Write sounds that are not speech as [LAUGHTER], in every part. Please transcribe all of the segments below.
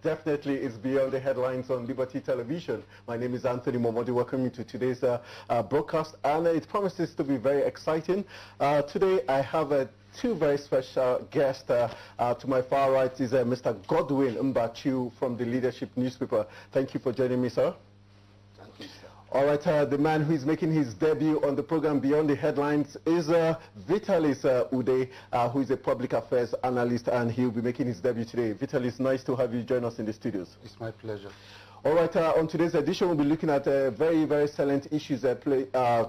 definitely is beyond the headlines on Liberty Television. My name is Anthony Momodi. Welcome you to today's uh, uh, broadcast, and it promises to be very exciting. Uh, today, I have a uh, two very special guests. Uh, uh, to my far right is uh, Mr. Godwin Mbachu from the Leadership newspaper. Thank you for joining me, sir. All right, uh, the man who is making his debut on the program Beyond the Headlines is uh, Vitalis uh, Uday, uh, who is a public affairs analyst, and he'll be making his debut today. Vitalis, nice to have you join us in the studios. It's my pleasure. All right, uh, on today's edition, we'll be looking at uh, very, very salient issues that play, uh,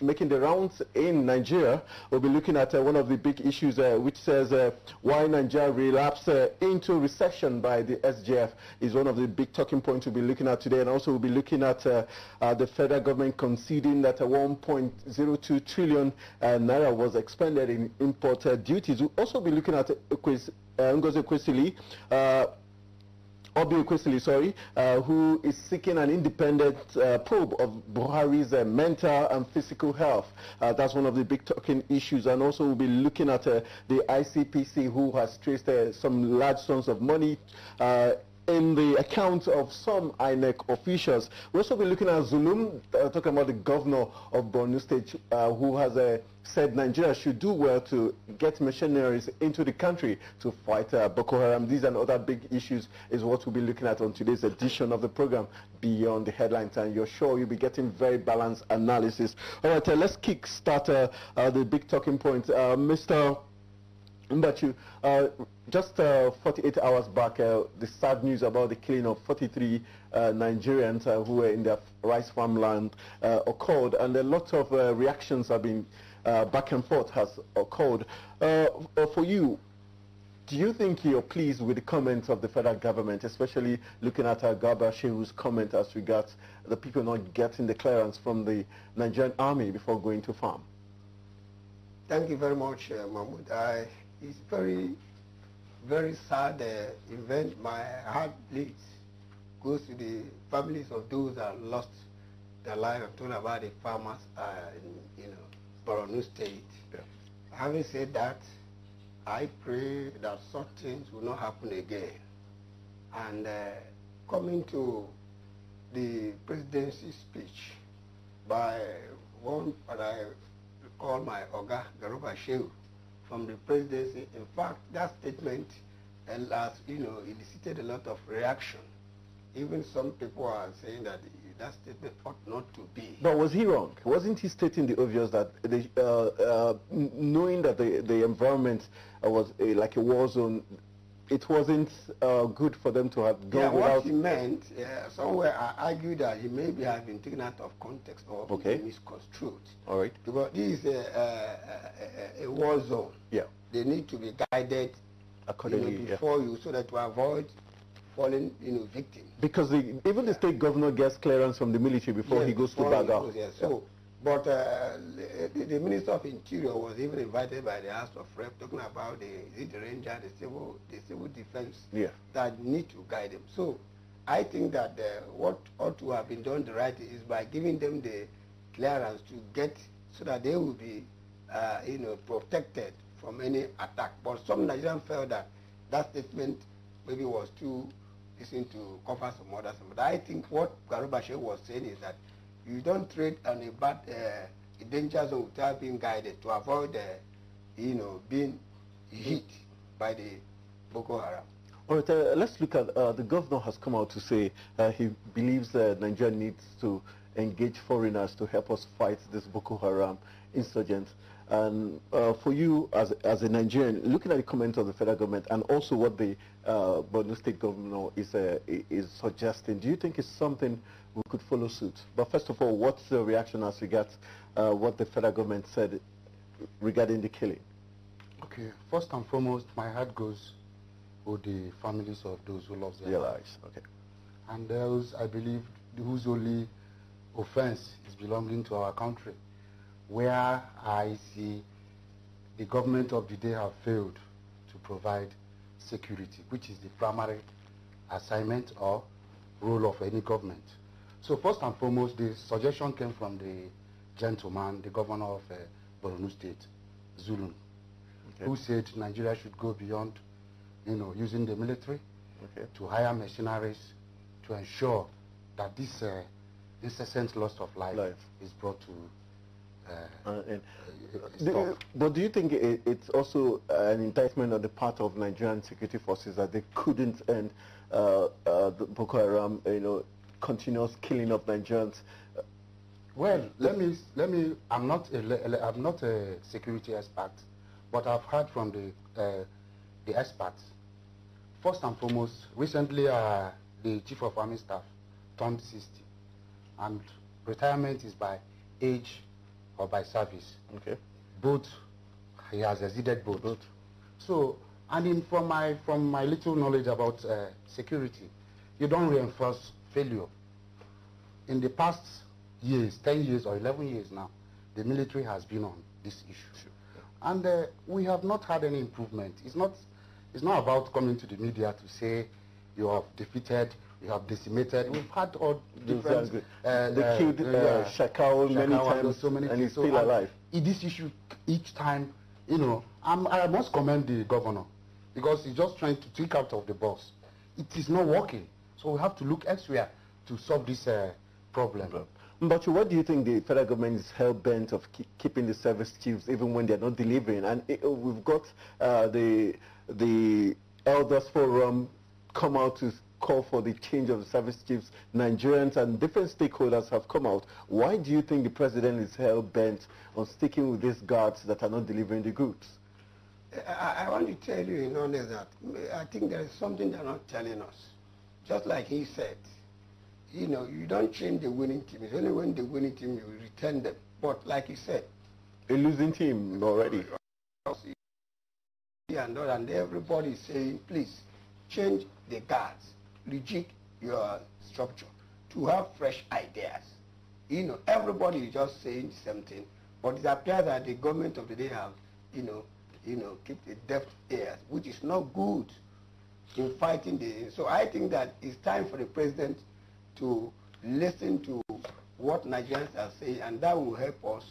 making the rounds in Nigeria. We'll be looking at uh, one of the big issues, uh, which says uh, why Nigeria relapsed into recession by the SGF is one of the big talking points we'll be looking at today. And also we'll be looking at the federal government conceding that 1.02 trillion Naira was expended in import duties. We'll also be looking at uh, Ngozi Kwesili, Obi Kwesili, sorry, uh, who is seeking an independent uh, probe of Buhari's uh, mental and physical health. Uh, that's one of the big talking issues. And also we'll be looking at uh, the ICPC who has traced uh, some large sums of money in the accounts of some INEC officials. We'll also be looking at Zulum, uh, talking about the governor of Borno State, uh, who has uh, said Nigeria should do well to get missionaries into the country to fight uh, Boko Haram. These and other big issues is what we'll be looking at on today's edition of the program, Beyond the Headlines. And you're sure you'll be getting very balanced analysis. All right, uh, let's kick start uh, the big talking point. Mr. Mbachu, just uh, 48 hours back, uh, the sad news about the killing of 43 uh, Nigerians uh, who were in their rice farmland uh, occurred, and a lot of uh, reactions have been back and forth has occurred. for you, do you think you're pleased with the comments of the federal government, especially looking at Agaba Shehu's comment as regards the people not getting the clearance from the Nigerian army before going to farm? Thank you very much, uh, Mahmoud. I, it's very very sad uh, event. My heart bleeds. Goes to the families of those that lost their life. I'm talking about the farmers uh, in you know Borno State. Yeah. Having said that, I pray that such things will not happen again. And uh, coming to the presidency speech by one that I call my Oga Garuba Shehu, from the presidency. In fact, that statement, and as you know, elicited a lot of reaction. Even some people are saying that that statement ought not to be. But was he wrong? Wasn't he stating the obvious that the, uh, uh, knowing that the, the environment was a, like a war zone, it wasn't uh, good for them to have gone yeah, without... what he meant, uh, somewhere I argued that he maybe have been taken out of context or okay. misconstrued. All right. Because this is a, a, a, war zone. Yeah. They need to be guided accordingly you know, before yeah. you so that to avoid falling you know, victim. Because the, even the state governor gets clearance from the military before yes, he goes to Baga. So but uh, the, the, Minister of Interior was even invited by the House of Rep talking about the, the ranger, the civil, the civil defense yeah. that need to guide them. So I think that uh, what ought to have been done the right is by giving them the clearance to get so that they will be, uh, you know, protected from any attack. But some Nigerians felt that that statement maybe was too listened to cover some other. But I think what Garubashe was saying is that you don't trade on a bad, uh, of danger zone without being guided to avoid, uh, you know, being hit by the Boko Haram. All right, uh, let's look at uh, the governor has come out to say uh, he believes uh, Nigeria needs to engage foreigners to help us fight this Boko Haram insurgents. And uh, for you as, as a Nigerian, looking at the comments of the federal government and also what the uh, Borno State governor is, is suggesting, do you think it's something we could follow suit. But first of all, what's the reaction as regards uh, what the federal government said regarding the killing? Okay, first and foremost, my heart goes to the families of those who lost their, their lives. Okay. And those, I believe, whose only offense is belonging to our country, where I see the government of the day have failed to provide security, which is the primary assignment or role of any government. So first and foremost, the suggestion came from the gentleman, the governor of uh, Borno State, Zulun, okay. who said Nigeria should go beyond, you know, using the military okay. to hire mercenaries to ensure that this uh, incessant loss of life, life, is brought to uh, uh and, uh, uh, do, but do you think it, it's also an indictment on the part of Nigerian security forces that they couldn't end uh, uh, the Boko Haram, you know, continuous killing of Nigerians. Uh, well, let me let me. I'm not a, I'm not a security expert, but I've heard from the uh, the experts. First and foremost, recently uh, the chief of army staff turned 60, and retirement is by age or by service. Okay. Both he has exceeded both. both. So, and in, from my from my little knowledge about uh, security, you don't reinforce failure. In the past years, 10 years or 11 years now, the military has been on this issue. Sure. And uh, we have not had any improvement. It's not, it's not about coming to the media to say you have defeated, you have decimated. We've had all different... Uh, they uh, killed uh, Shakao many Shakao times so many and he's so still alive. In this issue, each time, you know, I'm, i must commend the governor because he's just trying to think out of the box. It is not working. So we have to look elsewhere to solve this uh, problem. But what do you think the federal government is hell-bent of keep, keeping the service chiefs even when they're not delivering? And it, eh, oh, we've got uh, the, the Elders Forum come out to call for the change of the service chiefs. Nigerians and different stakeholders have come out. Why do you think the president is hell-bent on sticking with these guards that are not delivering the goods? I, I want to tell you in honor that I think there is something they're not telling us. Just like he said, you know, you don't change the winning team. It's only when the winning team you return them. But like he said, the losing team already. And, and everybody is saying, please change the guards, rejig your structure to have fresh ideas. You know, everybody is just saying something, but it appears that the government of the day have, you know, you know, keep the deaf ears, which is not good in fighting the. So I think that it's time for the president to listen to what Nigerians are saying, and that will help us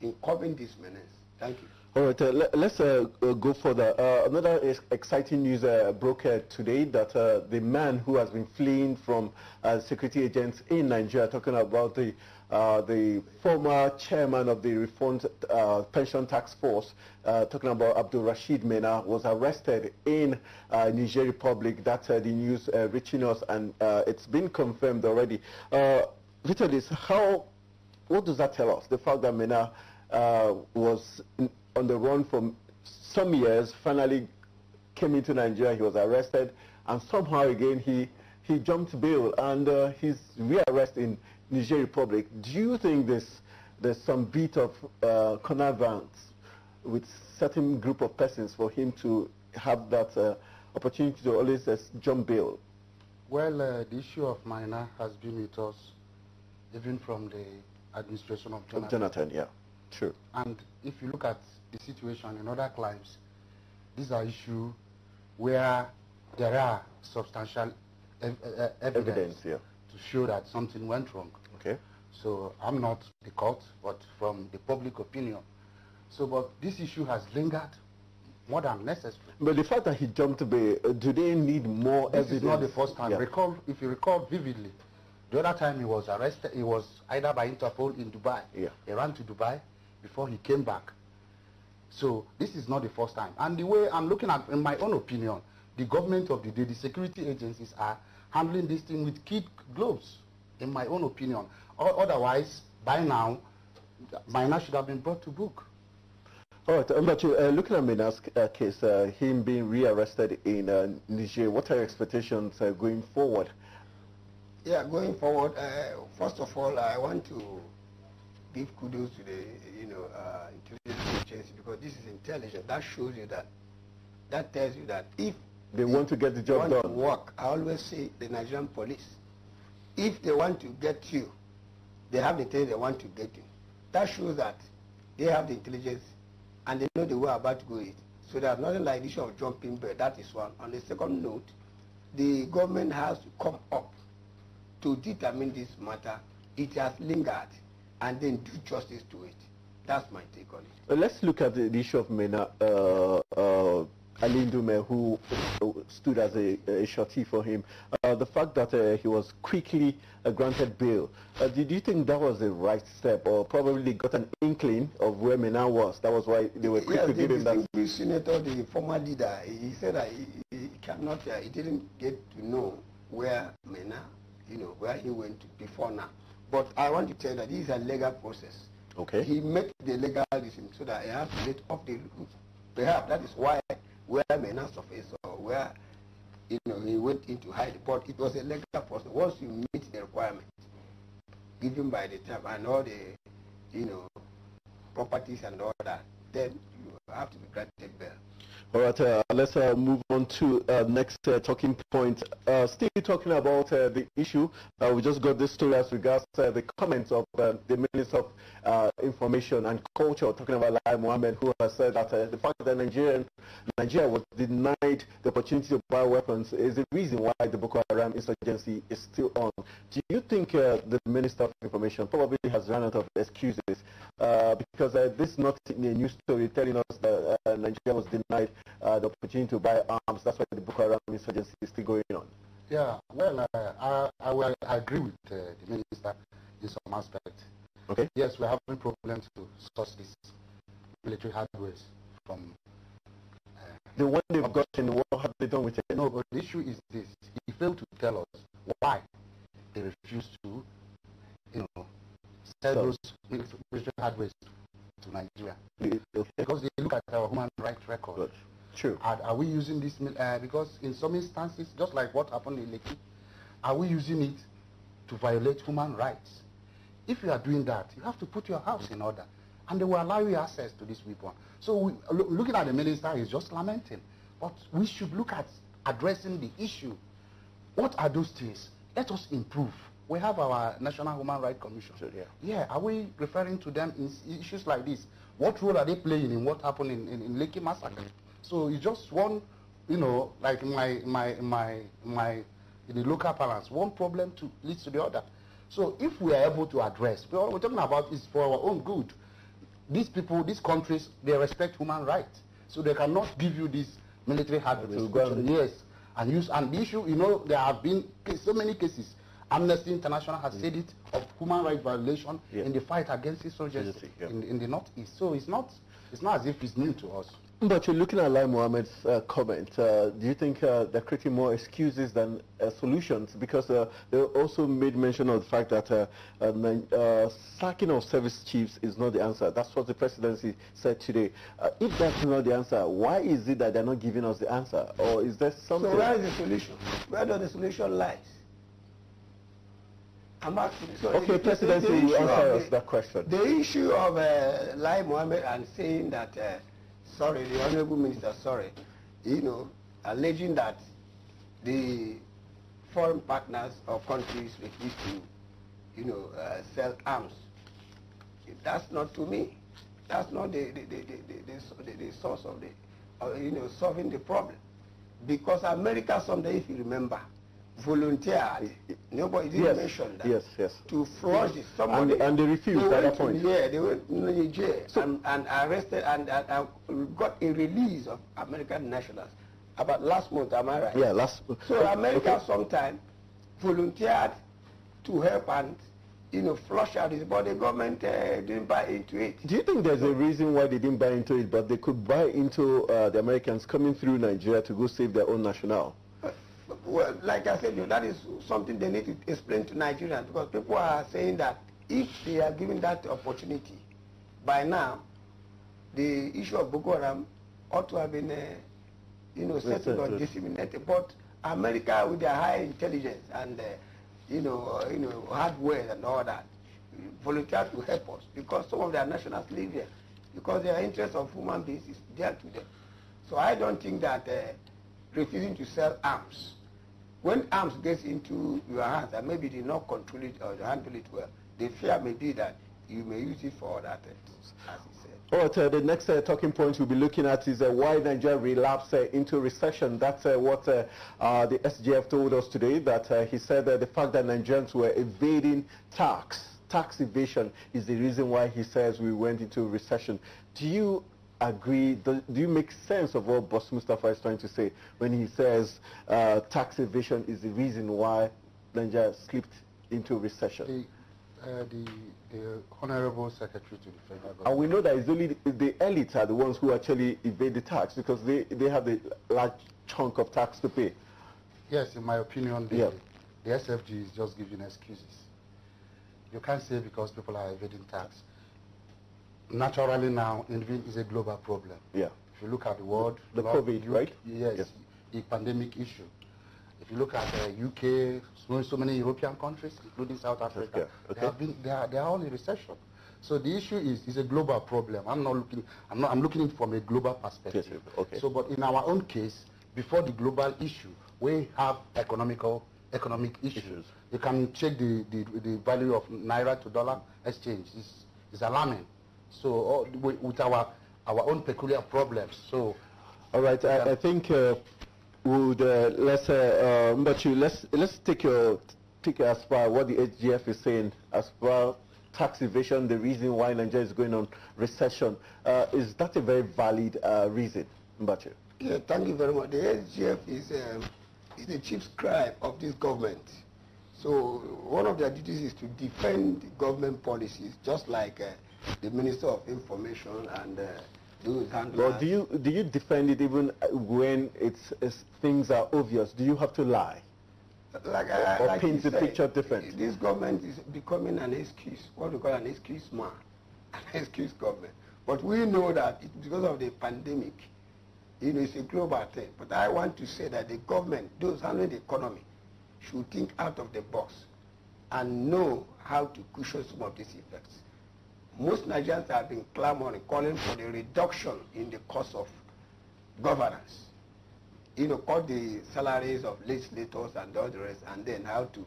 in curbing this menace. Thank you. All right, uh, let, us uh, uh, go further. Uh, another exciting news uh, broke today that the man who has been fleeing from security agents in Nigeria, talking about the uh, the former chairman of the Reformed uh, Pension Tax Force, uh, talking about Abdul Rashid Mena, was arrested in uh, Niger Republic. That's uh, the news reaching us, and it's been confirmed already. Vitalis, how, what does that tell us? The fact that Mena was on the run for some years, finally came into Nigeria, he was arrested, and somehow again he he jumped bail and uh, he's rearrested in, Niger Republic, do you think there's, there's some bit of uh, connivance with certain group of persons for him to have that uh, opportunity to always uh, jump bail? Well, uh, the issue of minor has been with us even from the administration of Jonathan. Jonathan, yeah, true. And if you look at the situation in other climes, these are issues where there are substantial ev uh, uh, evidence, evidence yeah. to show that something went wrong. So I'm not the court, but from the public opinion. So, but this issue has lingered more than necessary. But the fact that he jumped the, uh, do they need more this evidence? is not the first time. Yeah. Recall, if you recall vividly, the other time he was arrested, he was either by Interpol in Dubai. Yeah. He ran to Dubai before he came back. So this is not the first time. And the way I'm looking at, in my own opinion, the government of the day, the security agencies are handling this thing with kid gloves, in my own opinion. Otherwise, by now, Maina should have been brought to book. All right, uh, Mbachi, uh, looking at Mina's uh, case, uh, him being rearrested in uh, Niger, what are your expectations uh, going forward? Yeah, going forward, first of all, I want to give kudos to the, you know, intelligence agency because this is intelligent. That shows you that, that tells you that if they want to get the job done, work. I always say the Nigerian police, if they want to get you, they have the thing they want to get to. That shows that they have the intelligence and they know the way about to go it. So there's nothing like the issue of jumping bird. That is one. On the second note, the government has to come up to determine this matter. It has lingered and then do justice to it. That's my take on it. Well, let's look at the, the issue of MENA. Uh, uh Alindume, who stood as a, a shorty for him, uh, the fact that uh, he was quickly uh, granted bail, uh, did you think that was the right step, or probably got an inkling of where Mena was? That was why they were quick yes, to give him that. The senator, the former leader, he said that he, he cannot, uh, he didn't get to know where Mena, you know, where he went before now. But I want to tell you that this is a legal process. Okay. He met the legalism so that he has to get off the Perhaps that is why where Menas of or where you know he went into hide, but it was a legal process. Once you meet the requirement given by the time and all the you know properties and all that, then you have to be granted bail. All right, uh, let's uh, move on to uh, next uh, talking point. Uh, still talking about uh, the issue, we just got this story as regards the comments of the Minister of Information and Culture, talking about Lai Mohammed, who has said that the fact that Nigerian, Nigeria was denied the opportunity to buy weapons is the reason why the Boko Haram insurgency is still on. Do you think the Minister of Information probably has run out of excuses? because this is not a new story telling us that Nigeria was denied uh, the opportunity to buy arms. That's why the Boko Haram insurgency is still going on. Yeah, well, uh, I, I, will agree with uh, the minister in some aspect. Okay. Yes, we're having problems to source this military hardware from. Uh, the one they've got in the war, have they done with it? No, but the issue is this. He failed to tell us why they refused to, you know, sell so, those military hardware to Nigeria. Okay. Because they look at our human rights record. Good. True. Are, are we using this uh, because in some instances, just like what happened in Lekki, are we using it to violate human rights? If you are doing that, you have to put your house in order, and they will allow you access to this weapon. So we, lo looking at the minister is just lamenting, but we should look at addressing the issue. What are those things? Let us improve we have our National Human Rights Commission. So, yeah. yeah. are we referring to them in issues like this? What role are they playing in what happened in, in, in Massacre? Mm -hmm. So it's just one, you know, like my, my, my, my, in the local parlance, one problem to leads to the other. So if we are able to address, what we're talking about is for our own good. These people, these countries, they respect human rights. So they cannot give you this military hardware. yes, and use and the issue, you know, there have been so many cases. Amnesty International has mm. said it of human rights violation yeah. in the fight against insurgency yeah. in, in the northeast. So it's not, it's not as if it's new to us. But you're looking at Lai Mohammed's uh, comment. Uh, do you think uh, they're creating more excuses than uh, solutions? Because uh, they also made mention of the fact that uh, sacking of service chiefs is not the answer. That's what the presidency said today. if that's not the answer, why is it that they're not giving us the answer? Or is there something... So where is the solution? Where does the solution lies? I'm asking, so okay, the, presidency you answer us that question. The issue of uh, Lai Mohammed and saying that sorry, the Honorable Minister, sorry, you know, alleging that the foreign partners or countries refuse to, you know, uh, sell arms. That's not to me. That's not the, the, the, the, the source of the, uh, you know, solving the problem. Because America someday, if you remember, Volunteer, Nobody did yes, mention that. Yes, yes. To flush yes. somebody. And, and they refused they at that point. Yeah, they went to Nigeria so, and, and arrested and, and, and got a release of American nationals about last month, am I right? Yeah, last month. So uh, America okay. sometime volunteered to help and you know, flush out his body. Government uh, didn't buy into it. Do you think there's a reason why they didn't buy into it, but they could buy into uh, the Americans coming through Nigeria to go save their own national? well, like I said, that is something they need to explain to Nigerians because people are saying that if they are given that opportunity, by now, the issue of Boko Haram ought to have been, uh, you know, settled or disseminated. But America, with their high intelligence and, uh, you know, uh, you know, hard work and all that, volunteer to help us because some of their nationals live here because their interest of human beings is there to them. So I don't think that uh, refusing to sell arms When arms gets into your hands and maybe you did not control it or handle it well, the fear may be that you may use it for other things, as he said. All right, uh, the next uh, talking point we'll be looking at is uh, why Nigeria relapsed uh, into recession. That's uh, what uh, the SGF told us today, that he said that the fact that Nigerians were evading tax, tax evasion, is the reason why he says we went into recession. Do you agree? Do, do, you make sense of what Boss Mustafa is trying to say when he says uh, tax evasion is the reason why Nigeria slipped into recession? The, uh, the, the Honorable Secretary to the Federal Government. And we know that it's only the, the elite are the ones who actually evade the tax because they, they have the large chunk of tax to pay. Yes, in my opinion, the, yeah. the SFG is just giving excuses. You can't say because people are evading tax naturally now, envy is a global problem. Yeah. If you look at the world, the, COVID, UK, right? Yes, the pandemic issue. If you look at the uh, UK, so, so many European countries, including South Africa, okay. they, have been, they, are, they are all in recession. So the issue is, is a global problem. I'm not looking, I'm not, I'm looking from a global perspective. Yes, okay. So, but in our own case, before the global issue, we have economical, economic issues. issues. You can check the, the, the value of Naira to dollar exchange. It's, it's alarming so oh, with our our own peculiar problems. So, all right, I, I, think uh, would uh, let's uh, uh, you let's let's take your take as far what the HGF is saying as far tax evasion, the reason why Nigeria is going on recession. Uh, is that a very valid uh, reason, Mbachu? Yeah, thank you very much. The HGF is, um, is the chief scribe of this government. So one of their duties is to defend government policies, just like uh, the Minister of Information and uh, those handlers. But do you, do you defend it even uh, when it's, it's things are obvious? Do you have to lie? Like, uh, or like paint the said, picture different? This government is becoming an excuse, what we call an excuse man, [LAUGHS] an excuse government. But we know that it, because of the pandemic, you know, it's a global thing. But I want to say that the government, those handling the economy, should think out of the box and know how to cushion some of these effects most Nigerians have been clamoring, calling for the reduction in the cost of governance. You know, cut the salaries of legislators and others, and then how to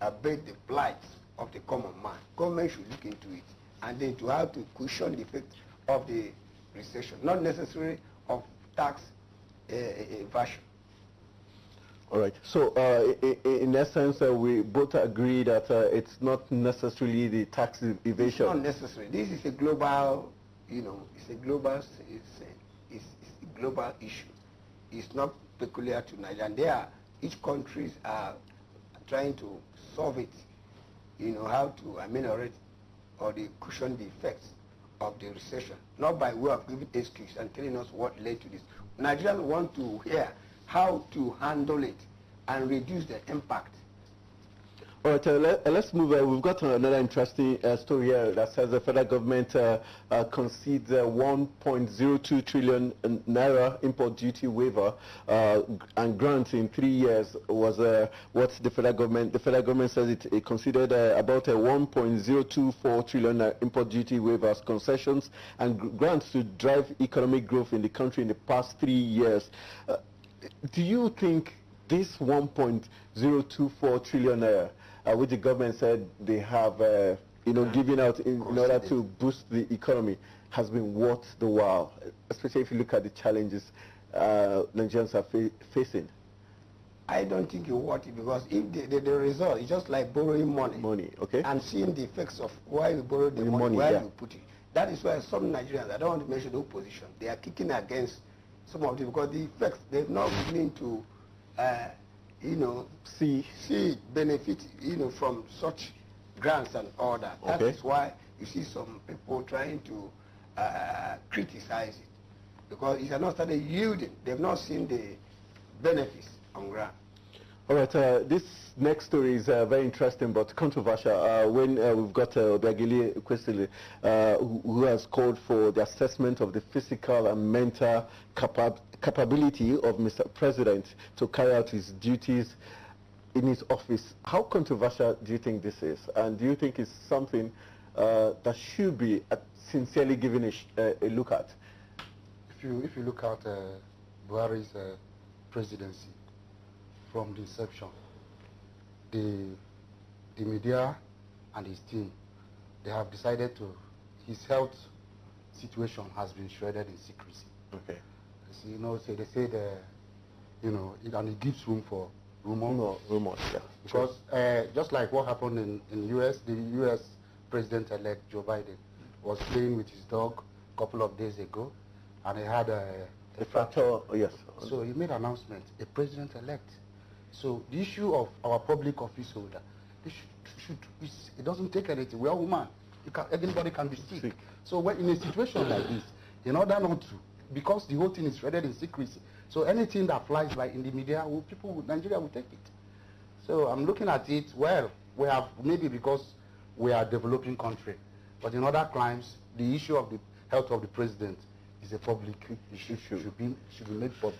abate the plight of the common man. Government should look into it, and then to how to cushion the effect of the recession, not necessarily of tax uh, eh, evasion. Eh, eh, all right. So uh, in essence, uh, we both agree that uh, it's not necessarily the tax evasion. It's not necessary. This is a global, you know, it's a global, it's a, it's, it's a global issue. It's not peculiar to Nigeria. And there, each countries are trying to solve it, you know, how to ameliorate or the cushion the effects of the recession, not by way of giving excuses and telling us what led to this. Nigerians want to hear how to handle it and reduce the impact. All right, uh, uh let, us move on. Uh, we've got another interesting uh, story here that says the federal government uh, uh concedes 1.02 trillion naira import duty waiver and grant in three years was what the federal government. The federal government says it, it considered about a 1.024 trillion import duty waivers, concessions, and grants to drive economic growth in the country in the past three years do you think this 1.024 trillion naira, uh, which the government said they have, uh, you know, given out in, in order to boost the economy, has been worth the while, especially if you look at the challenges uh, Nigerians are fa facing? I don't think you worth it because if the, the, the, result is just like borrowing money, money okay. and seeing the effects of why you borrow the, money, money, yeah. you put it. That is why some Nigerians, I don't want to mention the opposition, they are kicking against some of them because the effects they're not willing to, uh, you know, see see benefit, you know, from such grants and all that. Okay. That is why you see some people trying to uh, criticize it because it has not started yielding. They've not seen the benefits on grant. All right, uh, this next story is uh, very interesting but controversial. Uh, when uh, we've got uh, Obiagili Kwesili, uh, who, who has called for the assessment of the physical and mental capability of Mr. President to carry out his duties in his office. How controversial do you think this is? And do you think it's something uh, that should be sincerely given a, a, look at? If you, if you look at Buhari's presidency, from inception, The, the media and his team, they have decided to, his health situation has been shredded in secrecy. Okay. So, you know, so they say the, you know, it, and it gives room for rumors. No, rumors, yeah. Because uh, just like what happened in, in U.S., the U.S. President-elect Joe Biden was playing with his dog a couple of days ago, and he had a... A, a fracture, yes. So he made an announcement, a president-elect so the issue of our public office holder, should, should it doesn't take anything. We are human. Can, anybody can be sick. sick. So when in a situation like this, in order not to, because the whole thing is threaded in secrecy, so anything that flies by in the media, will, people, Nigeria will take it. So I'm looking at it, well, we have, maybe because we are a developing country, but in other crimes, the issue of the health of the president is a public issue, should, be, should be made public.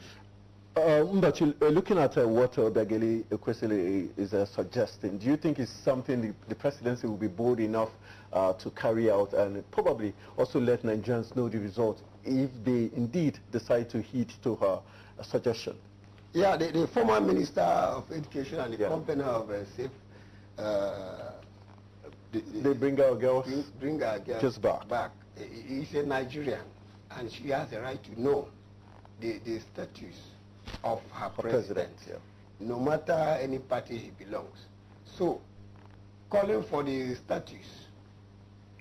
Uh, but you, uh, looking at uh, what Begeli Ekwesili is uh, suggesting, do you think it's something the, the presidency will be bold enough uh, to carry out and probably also let Nigerians know the result if they indeed decide to heed to her uh, suggestion? Yeah, the, the, former Minister of Education and the yeah. company of Safe, the, they bring our girls, bring our girls just back. back. He's a Nigerian and she has the right to know the, the status of her president, president yeah. no matter any party he belongs. So, calling for the status,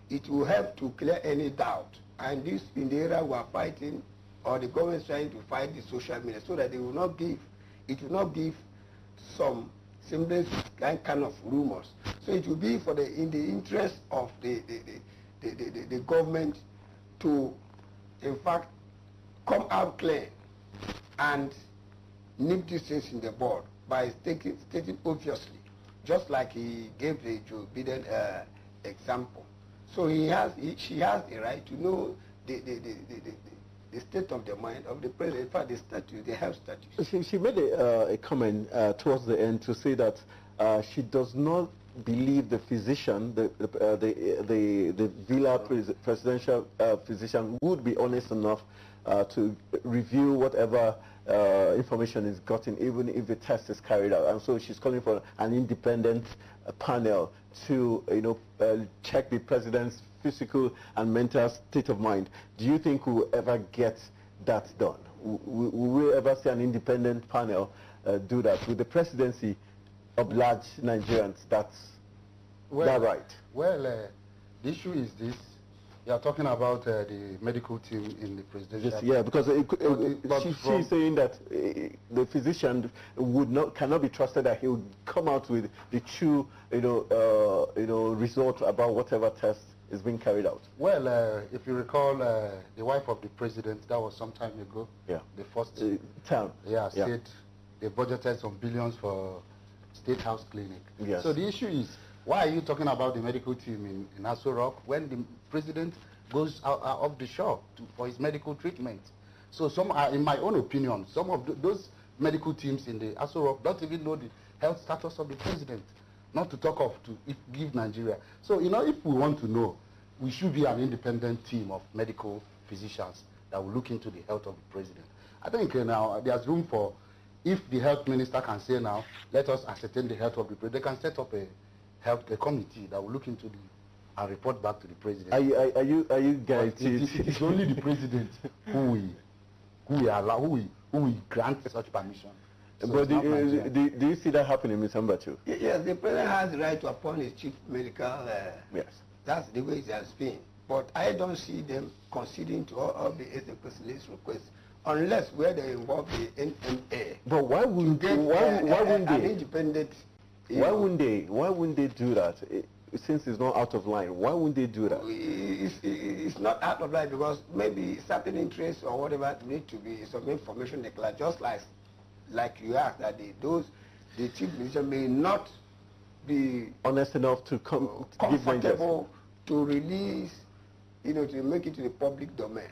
it will help to clear any doubt. And this in the era we are fighting, or the government trying to fight the social media, so that they will not give, it will not give some semblance kind kind of rumors. So it will be for the in the interest of the the, the, the, the, the government to, in fact, come out clear and name these things in the board by stating, stating obviously, just like he gave the Joe Biden uh, example. So he has, he, she has a right to know the, the, the, the, the, state of the mind of the president. In fact, the statute, they have statutes. She, she made a, uh, a comment uh, towards the end to say that uh, she does not believe the physician, the the uh, the, the, the Villa pres presidential uh, physician would be honest enough uh, to review whatever uh, information is gotten even if the test is carried out. And so she's calling for an independent uh, panel to, you know, uh, check the president's physical and mental state of mind. Do you think we'll ever get that done? Will, we ever see an independent panel uh, do that? Will the presidency oblige Nigerians? That's well, that right? Well, uh, the issue is this. You are talking about uh, the medical team in the presidential. Yes, yeah, because it, it, she, she's saying that eh, the physician would not cannot be trusted that he would come out with the true, you know, uh, you know, result about whatever test is being carried out. Well, uh, if you recall, uh, the wife of the president, that was some time ago. Yeah. The first time. Yeah, yeah. Said they budgeted some billions for state house clinic. Yes. So the issue is why are you talking about the medical team in, in Aso Rock when the president goes out, out uh, of the shore to, for his medical treatment? So some are, in my own opinion, some of the, those medical teams in the Aso Rock don't even know the health status of the president, not to talk of to give Nigeria. So, you know, if we want to know, we should be an independent team of medical physicians that will look into the health of the president. I think uh, now there's room for, if the health minister can say now, let us ascertain the health of the president, they can set up a, help the committee that will look into the and report back to the president. Are you are, are you are you guys? It is only the president [LAUGHS] who we who we allow who we who we grant such permission. So but uh, do, do, do, you see that happening, Mr. Mbatu? Yes, the president has the right to appoint his chief medical. Uh, yes. That's the way it has been. But I don't see them conceding to all of the SMPC's requests unless where they involve the NMA. But why uh, would why, why, uh, why wouldn't they? An independent why wouldn't they? Why wouldn't they do that? It, since it's not out of line, why wouldn't they do that? It's, it's not out of line because maybe certain interests or whatever need to be some information declared. Just like like you asked that those the chief minister may not be honest enough to come comfortable to, to release, you know, to make it to the public domain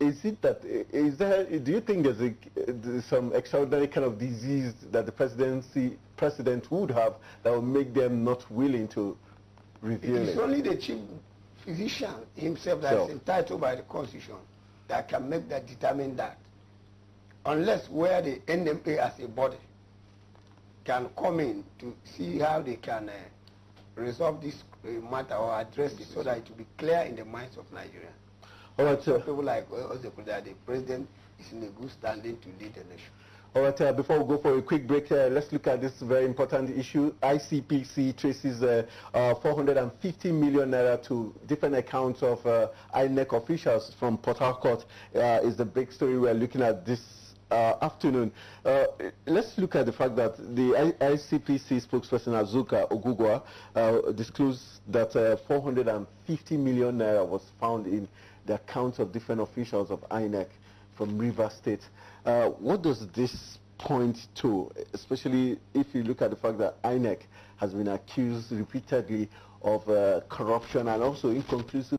is it that is there do you think there's, a, some extraordinary kind of disease that the presidency president would have that will make them not willing to reveal it? It's it? only the chief physician himself that's so. entitled by the constitution that can make that determine that. Unless where the NMA as a body can come in to see how they can uh, resolve this uh, matter or address it so that it will be clear in the minds of Nigerians. All right, sir. People like Ozekoda, the president is in a good standing to lead the nation. All right, uh, before we go for a quick break, uh, let's look at this very important issue. ICPC traces uh, uh 450 million naira to different accounts of uh, INEC officials from Port Harcourt uh, is the big story we're looking at this afternoon. let's look at the fact that the ICPC spokesperson Azuka Ogugwa disclosed that 450 million naira was found in the accounts of different officials of INEC from River State. Uh, what does this point to, especially if you look at the fact that INEC has been accused repeatedly of uh, corruption and also inconclusive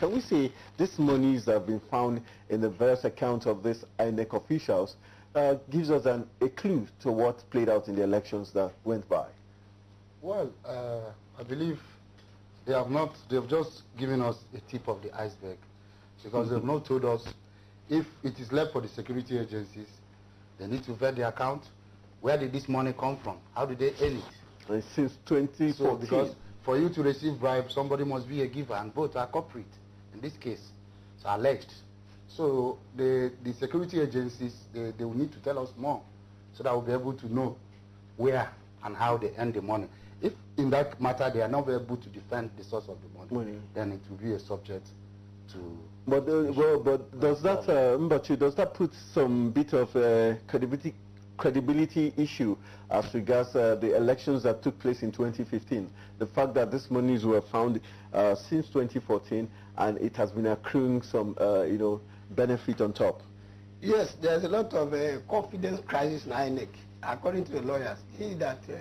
can we say these monies that have been found in the various accounts of these INEC officials uh, gives us an, a clue to what played out in the elections that went by? Well, uh, I believe they have not, they've just given us a tip of the iceberg because they've not told us if it is left for the security agencies, they need to vet the account. Where did this money come from? How did they earn it? And since 2014. So because for you to receive bribe, somebody must be a giver and both are corporate. In this case, it's alleged. So the, the security agencies, they, they will need to tell us more so that we'll be able to know where and how they earn the money. If in that matter they are not able to defend the source of the money, money. then it will be a subject to. But uh, well, but does that um, uh, Mbachu, does that put some bit of uh, credibility credibility issue as regards uh, the elections that took place in 2015. The fact that these monies were found uh, since 2014 and it has been accruing some, uh, you know, benefit on top. Yes, there's a lot of uh, confidence crisis in INEC. According to the lawyers, he that uh,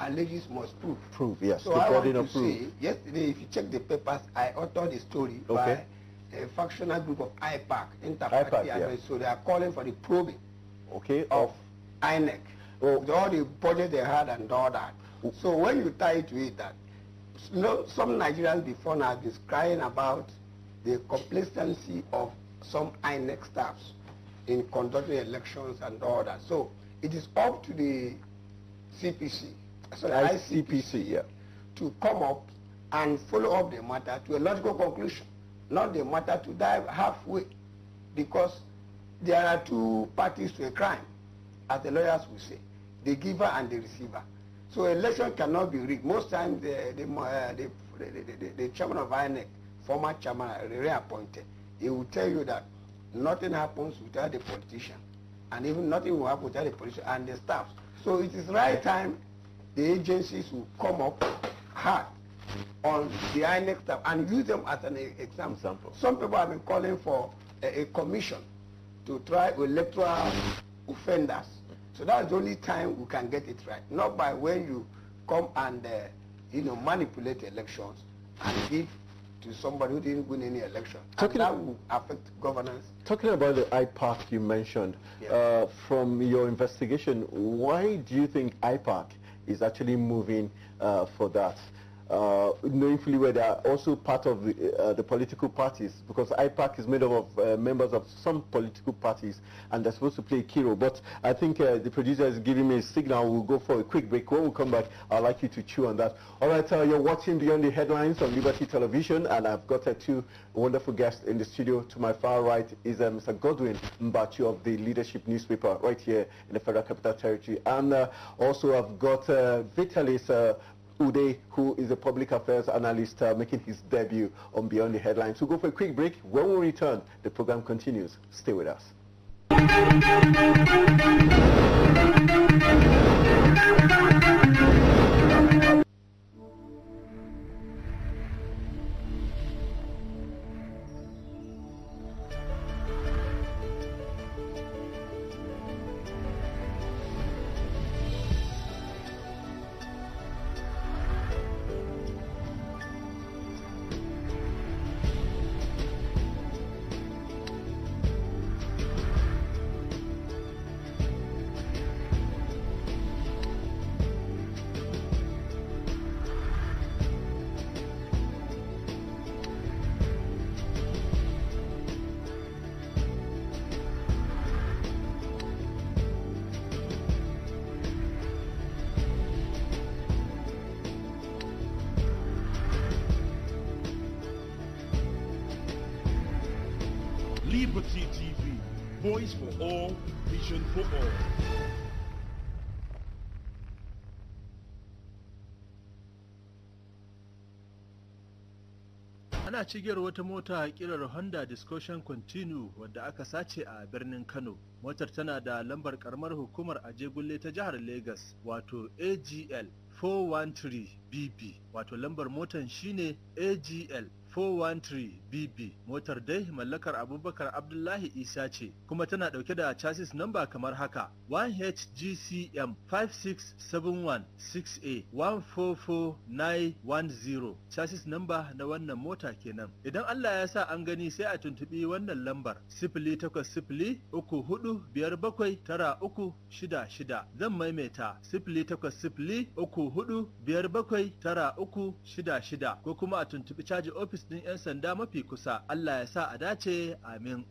alleges must prove. Prove, yes. So I want to proof. yesterday, if you check the papers, I authored a story okay. by a factional group of IPAC, Interparty yeah. So they are calling for the probing okay, of, of INEC, oh. with all the budget they had and all that. Oh. So when you tie it to it that, you know, some Nigerians before now have been crying about the complacency of some INEC staffs in conducting elections and all that. So it is up to the CPC sorry, ICPC, yeah, to come up and follow up the matter to a logical conclusion, not the matter to dive halfway, because there are two parties to a crime, as the lawyers will say, the giver and the receiver. So election cannot be rigged. Most times the, the, uh, the, the, the, chairman of INEC, former chairman, uh, reappointed, he will tell you that nothing happens without the politician, and even nothing will happen without the politician and the staff. So it is right time the agencies will come up hard on the INEC staff and use them as an example. example. Some people have been calling for a, a commission to try electoral offenders. So that's the only time we can get it right. Not by when you come and uh, you know manipulate elections and give to somebody who didn't win any election. Talking and that will affect governance. Talking about the IPAC you mentioned, uh, from your investigation, why do you think IPAC is actually moving uh, for that uh, knowing fully they are also part of the, uh, the political parties because IPAC is made up of uh, members of some political parties and they're supposed to play a key role. But I think uh, the producer is giving me a signal. We'll go for a quick break. When we come back, I'd like you to chew on that. All right, uh, you're watching Beyond the Headlines on Liberty Television and I've got uh, two wonderful guests in the studio. To my far right is Mr. Godwin Mbachu of the Leadership newspaper right here in the Federal Capital Territory. And also I've got Vitalis Uday, who is a public affairs analyst, uh, making his debut on Beyond the Headlines. We'll go for a quick break. When we return, the program continues. Stay with us. Liberty TV, voice for all, vision for all. ana cigiyar wata mota kirar honda discussion continue wadda aka sace a birnin kano motar tana da lambar karamar hukumar ajegulle ta jihar Legas wato agl 413bb wato lambar motan shine agl 413BB motar dai mallakar Abubakar Abdullahi Isa ce kuma tana dauke da chassis namba kamar haka 1HGCM 56716 a 144910 chassis namba na wannan mota kenan idan Allah ya sa an gani sai a tuntubi wannan lambar 08034579366 zan maimaita shida. ko kuma a tuntubi caji ofis din 'yan sanda mafi kusa Allah ya sa a dace amin.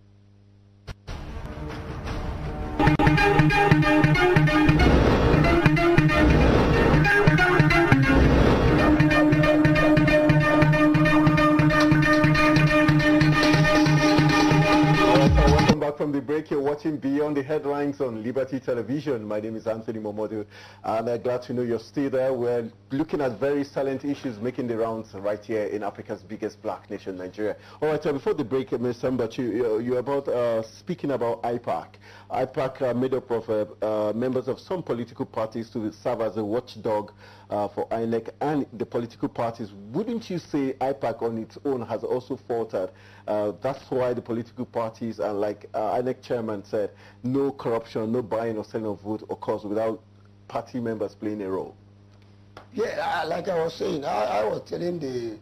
back from the break. You're watching Beyond the Headlines on Liberty Television. My name is Anthony Momodu, and I'm glad to know you're still there. We're looking at very silent issues making the rounds right here in Africa's biggest black nation, Nigeria. All right, so before the break, Mr. Mbachu, you're about uh, speaking about IPAC. IPAC uh, made up of uh, uh, members of some political parties to serve as a watchdog uh, for INEC and the political parties. Wouldn't you say IPAC on its own has also faltered? Uh, that's why the political parties and like uh, INEC chairman said, no corruption, no buying or selling of vote occurs without party members playing a role. Yeah, like I was saying, I, I was telling the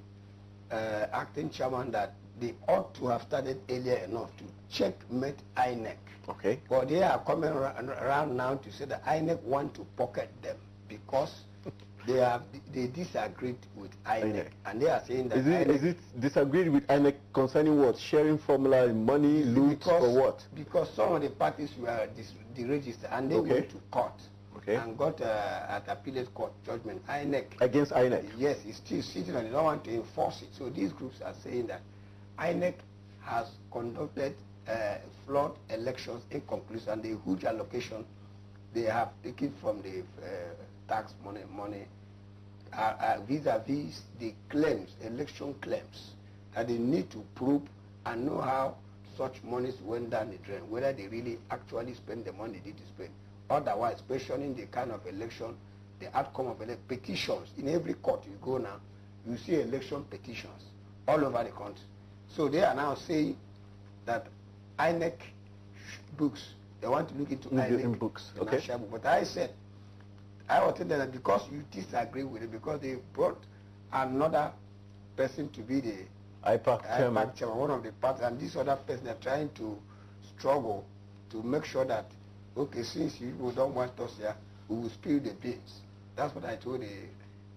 acting chairman that they ought to have started earlier enough to checkmate INEC. Okay. But they are coming around now to say that INEC want to pocket them because [LAUGHS] they have they disagreed with INEC, INEC. and they are saying that is it, INEC, is it disagreed with INEC concerning what sharing formula, money, loot, or what? Because some of the parties were deregistered the and they okay. went to court. Okay. and got uh, at appellate court judgment INEC against INEC. Yes, it's still sitting and they don't want to enforce it. So these groups are saying that INEC has conducted uh, flawed elections in conclusion, the huge allocation they have taken from the uh, tax money, money uh, uh, vis-a-vis uh, -vis the claims, election claims, that they need to prove and know how such monies went down the drain, whether they really actually spent the money they did spend. Otherwise, questioning the kind of election, the outcome of election, petitions, in every court you go now, you see election petitions all over the country. So they are now saying that INEC books, they want to look into INEC in books. Okay. But I said, I will tell them that because you disagree with it, because they brought another person to be the IPAC chairman. IPAC chairman, one of the partners. and this other person are trying to struggle to make sure that, okay, since you don't want us here, we will spill the beans. That's what I told the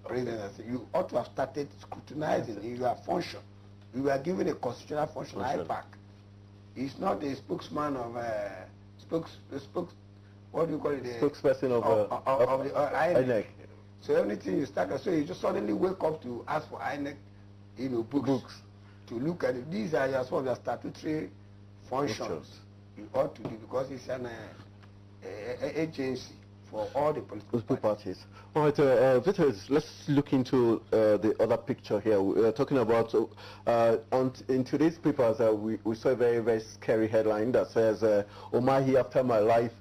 president. I said, you ought to have started scrutinizing your function. We were given a constitutional function, function. IPAC. He's not a spokesman of uh, spokes, spokes what do you call it? The, spokesperson of, of, of, uh, of, of the uh, INEC. So anything you start, so you just suddenly wake up to ask for INEC, you know, books, books. to look at it. These are your, some of your statutory functions, functions you ought to do because it's an uh, agency. for all the political, parties. parties. All right, uh, uh, let's look into uh, the other picture here. We're uh, talking about, uh, uh, on in today's papers, we, we, saw a very, very scary headline that says, uh, Omahi after my life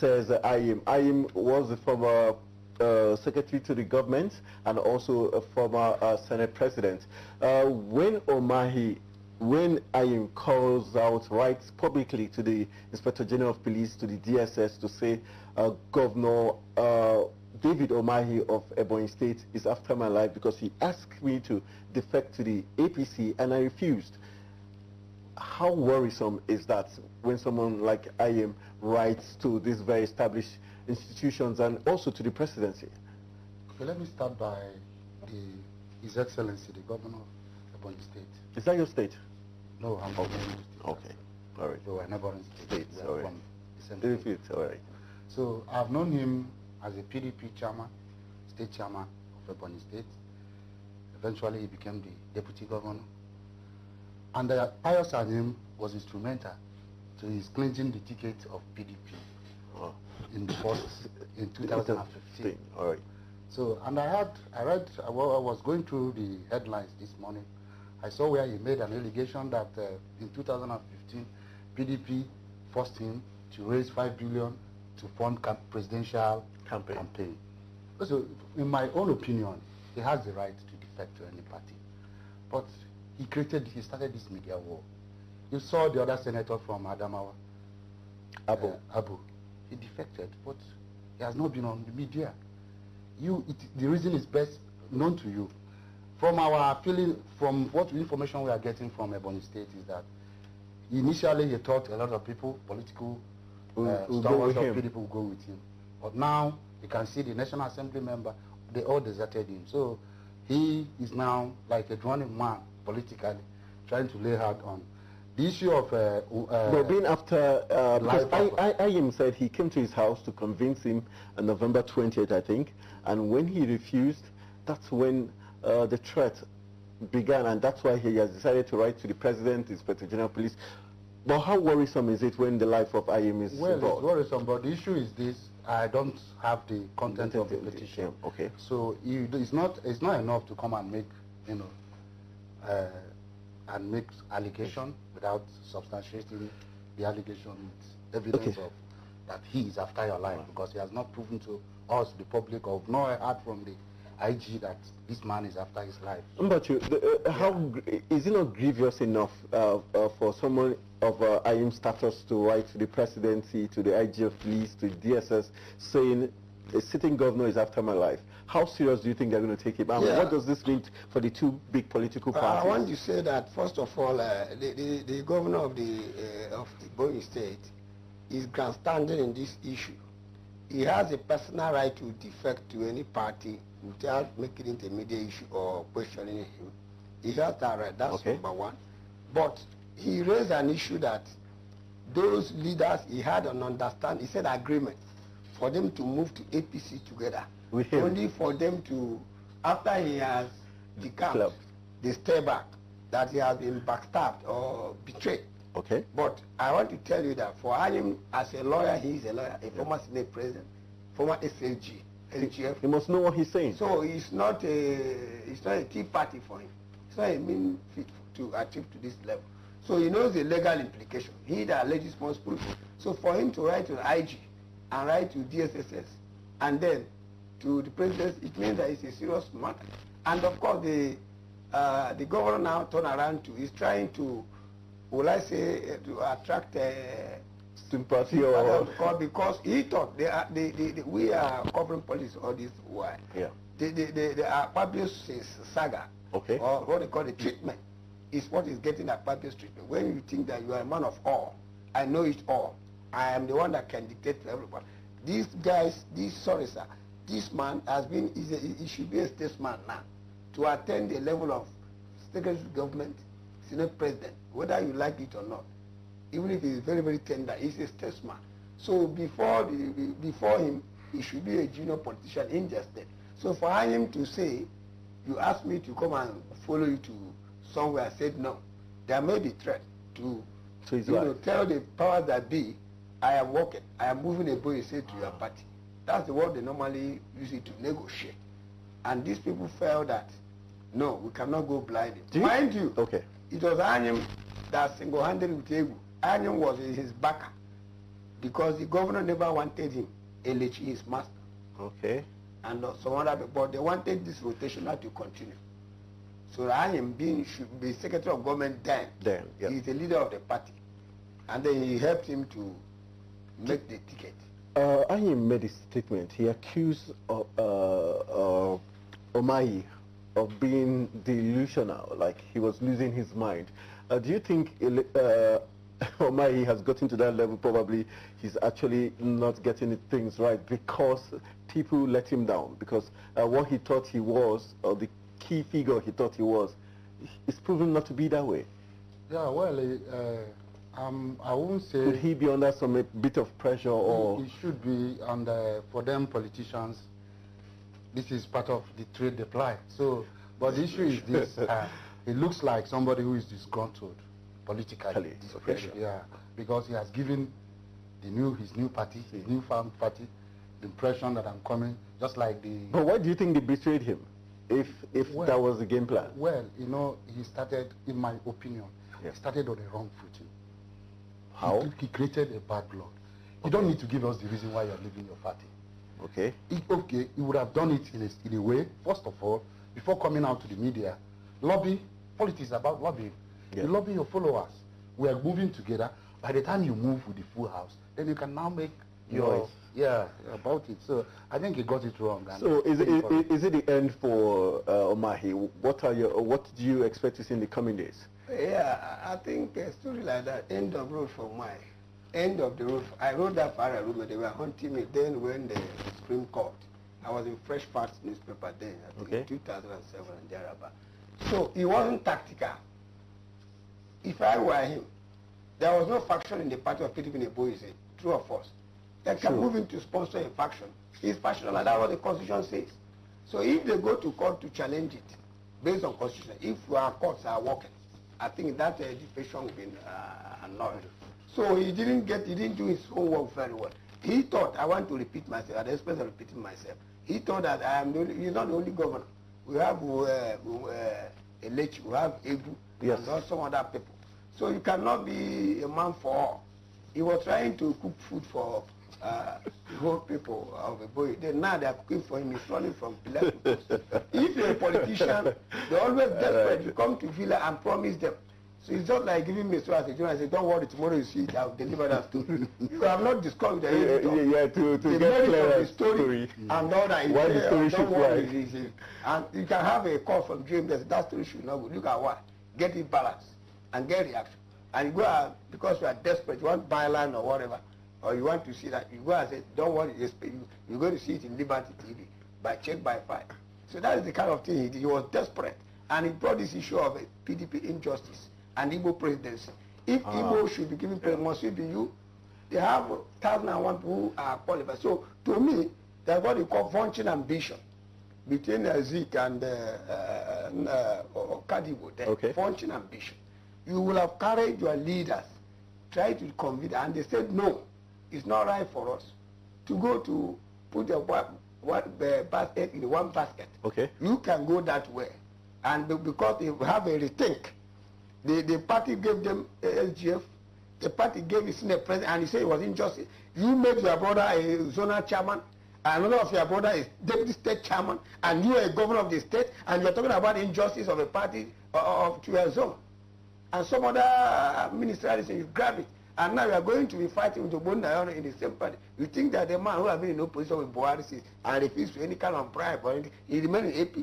says uh, Ayim. Ayim was the former uh, secretary to the government and also a former uh, Senate president. Uh, when Omahi, when Ayim calls out right publicly to the Inspector General of Police, to the DSS to say uh, Governor uh, David Omahi of Ebony State is after my life because he asked me to defect to the APC and I refused. How worrisome is that when someone like I am writes to these very established institutions and also to the presidency? Okay, let me start by the, His Excellency, the Governor of Ebony State. Is that your state? No, I'm okay. Okay, all right. So we're neighboring states. States, all right. If it's all right. So I've known him as a PDP chairman, state chairman of Ebony State. Eventually he became the deputy governor. And the pious him was instrumental to his clinching the ticket of PDP oh. in the first, in [LAUGHS] 2015. All right. So, and I had, I read, I was going through the headlines this morning. I saw where he made an allegation that uh, in 2015, PDP forced him to raise 5 billion to fund presidential campaign. campaign. So, in my own opinion, he has the right to defect to any party. But he created, he started this media war. You saw the other senator from Adamawa. Abu. Uh, Abu. He defected, but he has not been on the media. You, it, the reason is best known to you. From our feeling, from what information we are getting from Ebony State is that initially he taught a lot of people, political we'll, uh, we'll people go with him. But now you can see the National Assembly member, they all deserted him. So he is now like a drowning man politically, trying to lay hard on the issue of uh, uh, after uh, because I, I, I, said he came to his house to convince him on November 20th I think and when he refused that's when uh, the threat began and that's why he has decided to write to the president, inspector general police but how worrisome is it when the life of IEM is Well, involved? it's worrisome, but the issue is this. I don't have the content of the petition. Yeah, okay. So it's not it's not enough to come and make you know uh, and make allegation without substantiating the allegation with evidence okay. of that he is after your life because he has not proven to us the public of nor heard from the IG that this man is after his life. But you, the, uh, yeah. how is it not grievous enough uh, uh for someone of uh, IM status to write to the presidency, to the IGF police, to DSS, saying a sitting governor is after my life. How serious do you think they're going to take it? And yeah. what does this mean for the two big political uh, parties? Uh, I want to say that, first of all, uh, the, the, the, governor of the, uh, of the Boeing state is grandstanding in this issue. He has a personal right to defect to any party without making it a media issue or questioning him. He has that right. That's okay. number one. But he raised an issue that those leaders he had an understand he said agreement for them to move to APC together. With him. Only for them to after he has decamped, Club. they stay back that he has been backstabbed or betrayed. Okay. But I want to tell you that for him as a lawyer, he is a lawyer, a yeah. former Senate president, former SLG, LGF. He must know what he's saying. So it's not a it's not a tea party for him. It's not a mean fit to achieve to this level. So he knows the legal implication. He that alleges false proof. So for him to write to IG and write to DSSS and then to the president, it means that it's a serious matter. And of course, the uh, the governor now turn around to is trying to, will I say, uh, to attract uh, sympathy or because, because he thought they are they, they, they, we are covering police all this why? Yeah. They, they, they, they are public saga. Okay. Or what they call the treatment. is what is getting a appropriate treatment. When you think that you are a man of all, I know it all, I am the one that can dictate to everybody. These guys, this sir, this man has been, is a, he should be a statesman now to attain the level of state government, senate president, whether you like it or not. Even if he's very, very tender, he's a statesman. So before, the, before him, he should be a junior politician in the state. So for him to say, you asked me to come and follow you to somewhere said no. There may be threat to so you know, tell the power that be, I am working, I am moving a boy, say to your ah. party. That's the word they normally use it to negotiate. And these people felt that, no, we cannot go blind. Mind you, okay. it was Anyam that single-handedly with Egu. Anyam was his backer because the governor never wanted him, Elechi, his master. Okay. And uh, some other people, they wanted this rotation not to continue. So Rahim bin should be secretary of government then. Then yeah. he's the leader of the party, and then he helped him to make the ticket. Uh, Ahim made a statement. He accused of, uh, uh, uh Omai of being delusional, like he was losing his mind. Uh, do you think uh, [LAUGHS] Omai has gotten to that level? Probably he's actually not getting things right because people let him down. Because uh, what he thought he was, or the key figure he thought he was. It's proven not to be that way. Yeah, well, uh, um, I won't say... Could he be under some bit of pressure or... He should be under, for them politicians, this is part of the trade they ply. So, but the issue is this, uh, [LAUGHS] it looks like somebody who is disgruntled politically. Yeah, because he has given the new, his new party, his new farm party, the impression that I'm coming, just like the... But why do you think they betrayed him? if if well, that was the game plan? Well, you know, he started, in my opinion, yeah. he started on the wrong footing. How? He, he created a bad blood. Okay. You don't need to give us the reason why you're leaving your party. Okay. He, okay, he would have done it in a, in a way, first of all, before coming out to the media, lobby, politics about lobbying. Yeah. You lobby your followers. We are moving together. By the time you move with the full house, then you can now make your... Noise yeah, about it. So I think he got it wrong. So is it, it, is it the end for uh, Omahi? What are your what do you expect to see in the coming days? Yeah, I think a story like that end of road for my End of the roof. I rode that far road, but they were hunting me. Then when the Supreme Court, I was in Fresh Parts newspaper then, I think okay. 2007 and thereabout. So it wasn't tactical. If I were him, there was no faction in the party of PDP in true or of that can sure. move him to sponsor a faction. He's passionate, and that's what the constitution says. So if they go to court to challenge it based on constitution, if our courts are working, I think that uh, defamation been be uh, annulled. So he didn't get, he didn't do his homework very well. He thought, I want to repeat myself, at the expense of repeating myself, he thought that I am the only, he's not the only governor. We have uh, uh, Elechi, we have Ebu, yes. and also other people. So you cannot be a man for all he was trying to cook food for uh, whole people of the boy. Then now they are cooking for him. He's running from pillar to post. if you're a politician, they always [LAUGHS] desperate. to come to Villa and promise them. So it's not like giving me so I a journalist, say, don't worry, tomorrow you see it, I'll deliver that story. you have not discovered the editor. Yeah, yeah, to, to the get clear the story, story. and all that is Why there, the story should worry, fly. Is, is, and you can have a call from James that that story should not go. Look at what? Get it balanced and get reaction and you go out because you are desperate you want buy land or whatever or you want to see that you go and say don't worry you you go to see it in liberty tv by check by fire so that is the kind of thing he did he was desperate and he brought this issue of a pdp injustice and igbo presidency if ah. igbo should be given presidency yeah. to you they have thousand and one people who are qualified so to me that's what they call function ambition between uh, Zeke and uh, uh, uh, Kadibo, the okay. function ambition you will have carried your leaders tried to convince and they said no it's not right for us to go to put a one, one uh, basket in one basket okay you can go that way and because they have a rethink the the party gave them LGF. the party gave his name president and he said it was injustice you made your brother a zonal chairman another of your brother is deputy state chairman and you are a governor of the state and you are talking about injustice of a party uh, of to your zone and some other ministerialists you grab it and now you are going to be fighting with ogbonna ayọrọ in the same party you think that the man who has been in opposition with buhari since and refused to any kind of bribe or anything he remain in app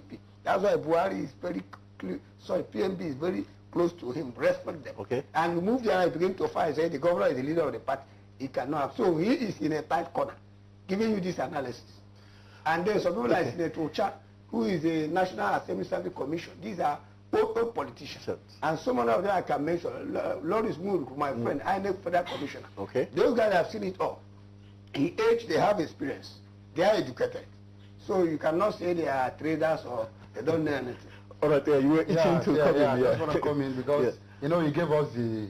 that's why buhari is very clear sorry pmb is very close to him respect them okay. and you move there and begin to fight say the governor is the leader of the party he cannot so he is in a tight corner giving you this analysis and then some people like senator ocha who is a national assembly service commission these are all politicians. And some of them I can mention, Loris Mule, my mm. friend, INEC Federal Commissioner. Okay. Those guys have seen it all. In age, they have experience. They are educated. So you cannot say they are traders or they don't know anything. All right, yeah, you were itching yeah, to yeah, come yeah, in. Yeah, That's just want to come in [LAUGHS] because, yeah. you know, he gave us the,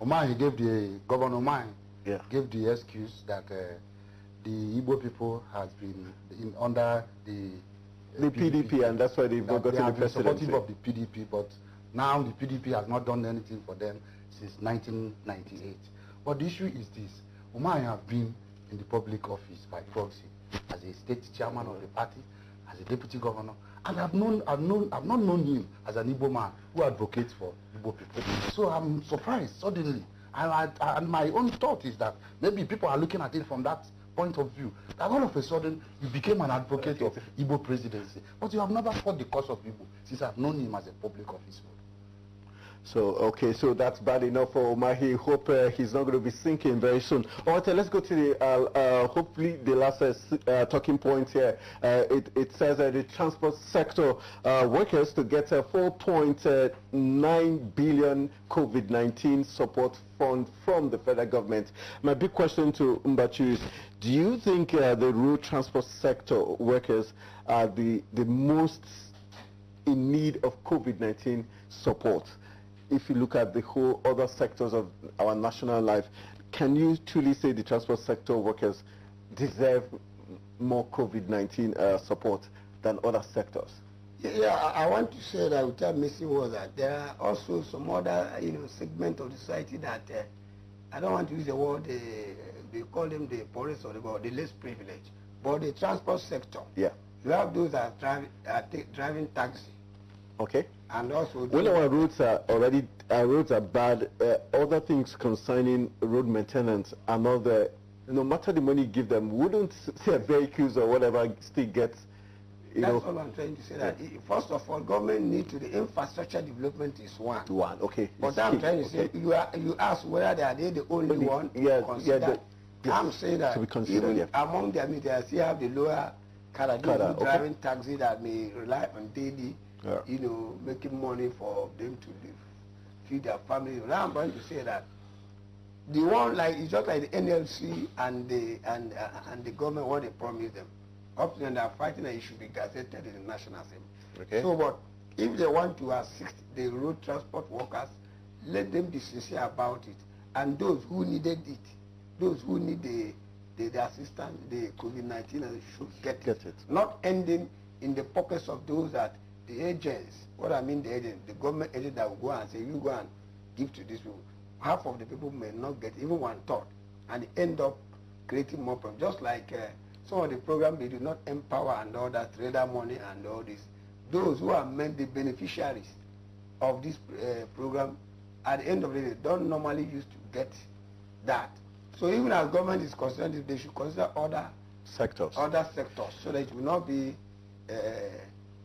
Oman, he gave the, Governor Oman, yeah. gave the excuse that uh, the Igbo people has been in, under the the PDP, PDP, and that's why they've that not they have the presidency. supportive of the PDP, but now the PDP has not done anything for them since 1998. But the issue is this. Umar have been in the public office by proxy as a state chairman of the party, as a deputy governor, and I've known, I've known, I've not known him as an Igbo man who advocates for Igbo people. So I'm surprised suddenly, and, I, and my own thought is that maybe people are looking at it from that point of view that all of a sudden you became an advocate of Igbo presidency, but you have never fought the cause of Igbo since I have known him as a public officer. So, okay, so that's bad enough for Omahi. Hope uh, he's not going to be sinking very soon. All right, uh, let's go to the, uh, uh, hopefully, the last uh, uh, talking point here. It, it, says that the transport sector workers to get a 4.9 billion COVID-19 support fund from the federal government. My big question to Mbachu is, do you think the rural transport sector workers are the, the most in need of COVID-19 support? if you look at the whole other sectors of our national life, can you truly say the transport sector workers deserve more COVID-19 uh, support than other sectors? Yeah, I want to say that without missing words that there are also some other you know segment of the society that uh, I don't want to use the word uh, they call them the poorest or the, the less privileged, but the transport sector. Yeah, you have those that are, drive, are driving taxi. Okay. And also, when our roads are already our roads are bad, uh, other things concerning road maintenance and other, no matter the money you give them, wouldn't their vehicles or whatever still get. You That's know, all I'm trying to say. That yeah. first of all, government need to the infrastructure development is one. One, okay. But I'm trying to say okay. you are you ask whether are they the only one yeah, Yeah, the, I'm saying that even yeah. among them, they still have the lower category driving taxi that may rely on daily yeah. you know, making money for them to live, feed their family. Now I'm going to say that the one like it's just like the NLC and the and uh, and the government what they promised them. Up to they are fighting and it should be gazetted in the National Assembly. Okay. So but if they want to assist the road transport workers, let them be sincere about it. And those who needed it, those who need the the, the assistance, the COVID-19 should get, get it. it. Not ending in the pockets of those that the agents, what I mean the agents, the government agents that will go and say, you go and give to these people. Half of the people may not get even one third and end up creating more problems. Just like uh, some of the programs, they do not empower and all that trader money and all this. Those who are meant the beneficiaries of this uh, program, at the end of the day, don't normally used to get that. So even as government is concerned, they should consider other sectors, other sectors, so that it will not be uh,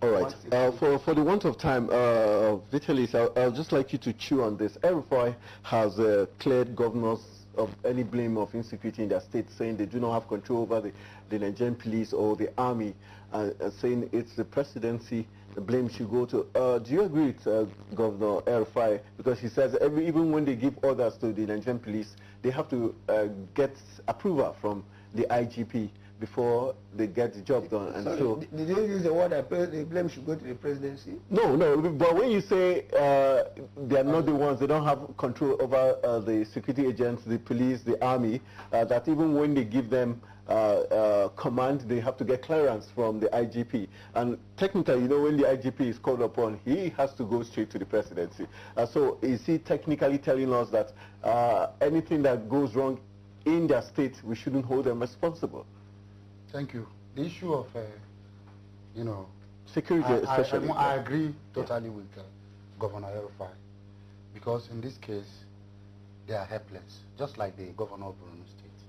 All right. Uh, for, for the want of time, uh, Vitalis, I'll, just like you to chew on this. Erifai has uh, cleared governors of any blame of insecurity in their state, saying they do not have control over the, the Nigerian police or the army, uh, saying it's the presidency the blame should go to. Uh, do you agree with uh, Governor Erifai? Because he says every, even when they give orders to the Nigerian police, they have to uh, get approval from the IGP before they get the job done. And Sorry, so, did you use the word that the blame should go to the presidency? No, no. But when you say uh, they are not the ones, they don't have control over uh, the security agents, the police, the army. Uh, that even when they give them uh, uh, command, they have to get clearance from the IGP. And technically, you know, when the IGP is called upon, he has to go straight to the presidency. Uh, so is he technically telling us that anything that goes wrong in their state, we shouldn't hold them responsible? Thank you. The issue of, uh, you know, security, I, especially. I, I, I agree totally yeah. with uh, Governor Erufai because in this case, they are helpless, just like the governor of Borno State.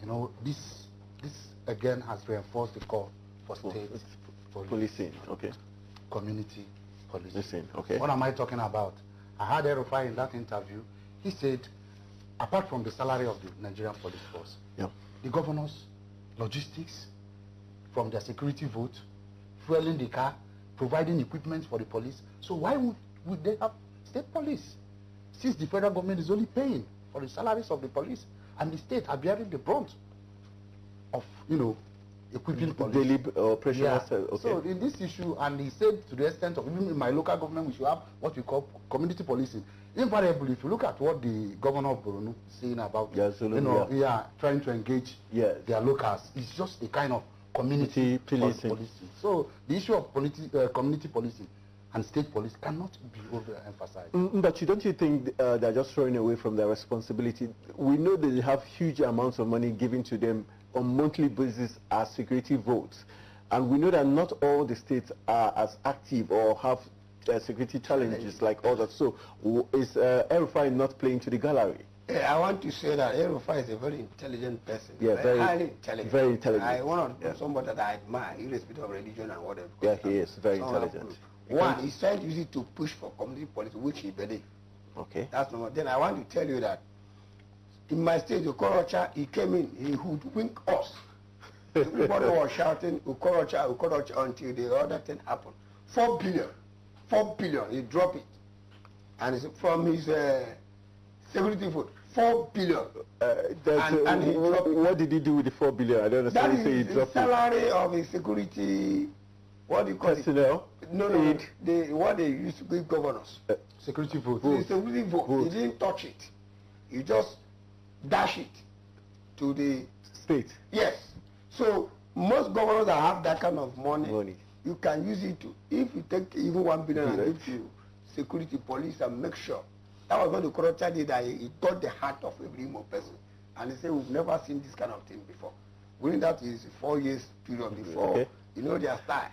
You know, this this again has reinforced the call for state oh, policing, okay, community policing. Listen, okay. What am I talking about? I had Erufai in that interview. He said, apart from the salary of the Nigerian police force, yeah. the governors logistics from their security vote, fueling the car, providing equipment for the police. So why would, would they have state police? Since the federal government is only paying for the salaries of the police and the state are bearing the brunt of, you know, equipping police. Daily uh, operation. Yeah. Okay. So in this issue, and he said to the extent of even in my local government, we should have what we call community policing invariably, if you look at what the governor of Borno saying about yes, you know, yeah. yeah, trying to engage yes. their locals, it's just a kind of community policing. So the issue of uh, community policing and state police cannot be overemphasized. Mm, but you, don't you think uh, they're just running away from their responsibility? We know that they have huge amounts of money given to them on monthly basis as security votes. And we know that not all the states are as active or have uh, security challenges like all that. So is uh, Erufai not playing to the gallery? I want to say that Erufai is a very intelligent person. Yeah, very, very highly intelligent. Very intelligent. I want to yeah. somebody that I admire, irrespective of religion and whatever. Yeah, he is very intelligent. One, he's trying to use it to push for community policy, which he believes. Okay. That's number. Then I want to tell you that in my state, Okorocha, he came in, he would wink us. [LAUGHS] Everybody was shouting Okorocha, Okorocha until the other thing happened. Four billion. four billion he drop it and from his uh, security fund four billion. Uh, and, uh, and he uh, what, it. what did he do with the four billion I don't understand. that is the salary of his security what do you call personnel. it no no Aid. they what they used to give governors. Uh, security vote. vote. security vote. vote he didn't touch it he just dash it to the. state. yes so most governors that have that kind of money. money you can use it to if you take even one billion and give to security police and make sure that was what the corruptor did that he, he got the heart of every more person and he say we've never seen this kind of thing before during that his four years period before okay. you know their style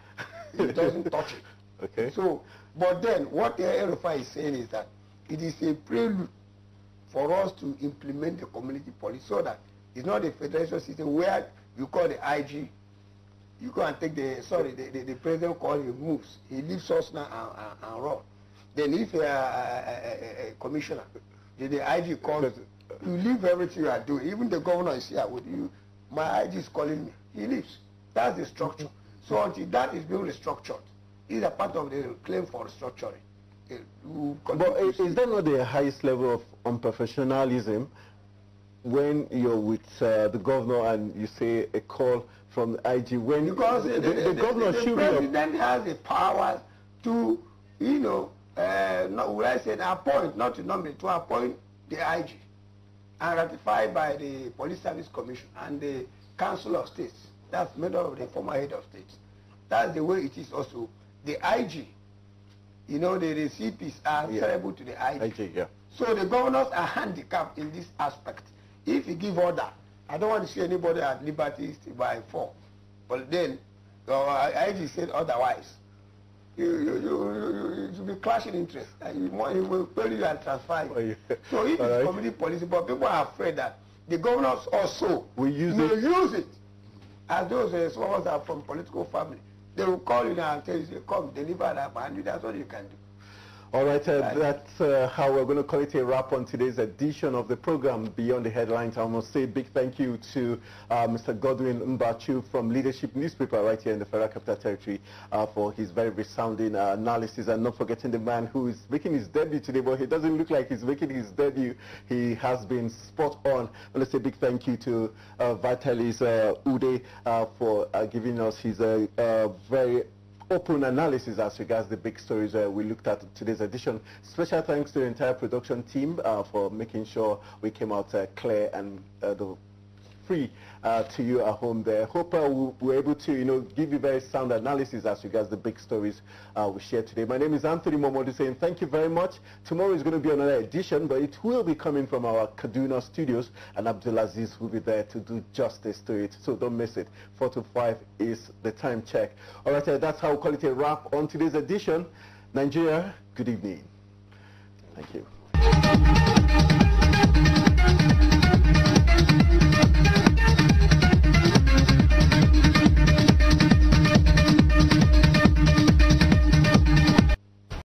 he doesn't [LAUGHS] touch it okay so but then what the Erufai is saying is that it is a prelude for us to implement the community police so that it's not a federation system where you call the IG you go and take the sorry the, the, the president call he moves he leaves us now and, and, and run then if you are a, a, a, a commissioner the, the IG calls you you leave everything you are doing even the governor is here with you my IG is calling me he leaves that's the structure mm-hmm. so until that is being restructured is a part of the claim for restructuring but is, is that not the highest level of unprofessionalism when you're with uh, the governor and you say a call from the IG when because the, the, the, the governor the, the president has the powers to you know uh, not, will I say appoint not to nominate to appoint the IG and ratified by the police service commission and the council of states that's made up of the former head of state that's the way it is also the IG you know the, the are yeah. terrible to the IG, IG yeah. so the governors are handicapped in this aspect if you give order I don't want to see anybody at liberty by four. But then, uh, I just said otherwise. You, you, you, you, be clashing interests. And you, will pay you and transfer you. Oh, so it is community policy, but people are afraid that the governors also will use, will use it. As those uh, are from political family, they will call you now and tell you, come, deliver that, and that's all you can do. All right, uh, that's uh, how we're going to call it a wrap on today's edition of the program Beyond the Headlines. I must say a big thank you to uh, Mr. Godwin Mbachu from Leadership Newspaper right here in the Federal Capital Territory uh, for his very resounding uh, analysis and not forgetting the man who is making his debut today, but he doesn't look like he's making his debut. He has been spot on. But let's say a big thank you to uh, Vitalis Ude for giving us his very open analysis as regards the big stories uh, we looked at today's edition. Special thanks to the entire production team uh, for making sure we came out uh, clear and uh, the free uh, to you at home there. Hope uh, we are able to, you know, give you very sound analysis as regards the big stories uh, we share today. My name is Anthony Momodu, saying thank you very much. Tomorrow is going to be another edition, but it will be coming from our Kaduna studios, and Abdulaziz will be there to do justice to it. So don't miss it. 4 to 5 is the time check. All right, uh, that's how we call it a wrap on today's edition. Nigeria, good evening. Thank you.